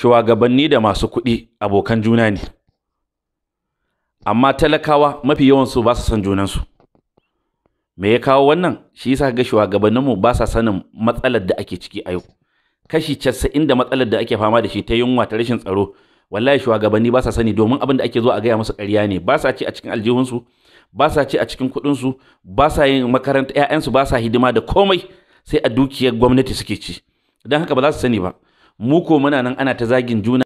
shugabanni da masu kuɗi abokan juna ne amma talakawa mafi yawansu ba su san junansu me ya kawo wannan shi yasa ga shugabanninmu ba sa sanin matsalar da ake ciki a yau kashi casa'in da matsalar da ake fama da shi ta yunwa ta rashin tsaro wallahi shugabanni ba sa sani domin abin da ake zo a gaya musu ƙarya ne ba sa ci a cikin aljihunsu ba sa ci a cikin kuɗinsu ba sa yin makaranta 'ya'yansu ba sa hidima da komai sai a dukiyar gwamnati suke ci don haka ba za su sani ba mu ko muna nan ana ta zagin juna